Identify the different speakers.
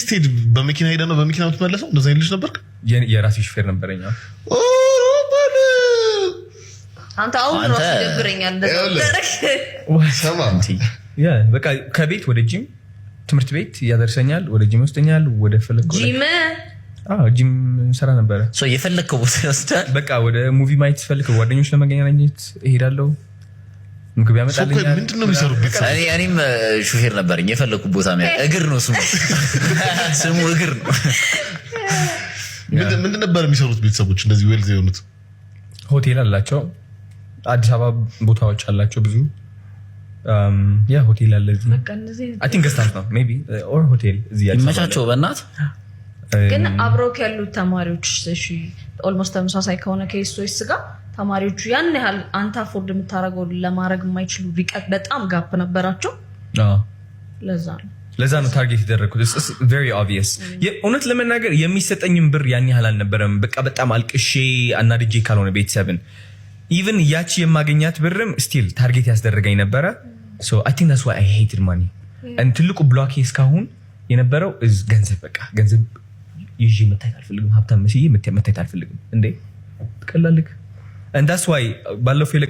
Speaker 1: ስቴድ በመኪና ሄደ ነው በመኪና የምትመለሰው? እንደዚ ልጅ ነበር።
Speaker 2: የራሴ ሹፌር በቃ ከቤት ወደ ጂም ትምህርት ቤት እያደርሰኛል ወደ ጂም ወስደኛል ወደ ፈለግ ጂም ስራ ነበረ።
Speaker 3: የፈለግከው ቦታ ይወስዳል።
Speaker 2: በቃ ወደ ሙቪ ማየት ፈልግ ጓደኞች ለመገኛ ለመገናኘት እሄዳለሁ። ምግብ
Speaker 1: ያመጣልኛል። ምንድን ነው የሚሰሩበት?
Speaker 3: እኔም ሹፌር ነበረኝ የፈለግኩ ቦታ እግር ነው ስሙ ስሙ እግር ነው።
Speaker 1: ምንድን ነበር የሚሰሩት? ቤተሰቦች እንደዚህ ዌልዝ የሆኑት
Speaker 2: ሆቴል አላቸው። አዲስ አበባ ቦታዎች አላቸው ብዙ ያ ሆቴል አለ እዚህ። አይ ቲንክ ስታርት ነው ሜይ ቢ ኦር ሆቴል
Speaker 3: እዚህ ይመቻቸው በእናትህ
Speaker 4: ግን አብረውክ ያሉት ተማሪዎች ኦልሞስት ተመሳሳይ ከሆነ ከሶች ስጋ ተማሪዎቹ ያን ያህል አንተ አፎርድ የምታደረገው ለማድረግ የማይችሉ ርቀት በጣም ጋፕ ነበራቸው። ለዛ ነው
Speaker 2: ለዛ ነው ታርጌት የደረግኩት። ቬሪ እውነት ለመናገር የሚሰጠኝም ብር ያን ያህል አልነበረም። በቃ በጣም አልቅሼ አናድጄ ካልሆነ ቤተሰብን ኢቨን ያቺ የማገኛት ብርም ስቲል ታርጌት ያስደረገኝ ነበረ። አይ ቲንክ ዛትስ ትልቁ ብሎኬ እስካሁን የነበረው ገንዘብ በቃ ገንዘብ ይዤ መታየት አልፈልግም። ሀብታም መስዬ መታየት አልፈልግም። እንዴ ትቀላለህ? እንዳስ ዋይ ባለፈው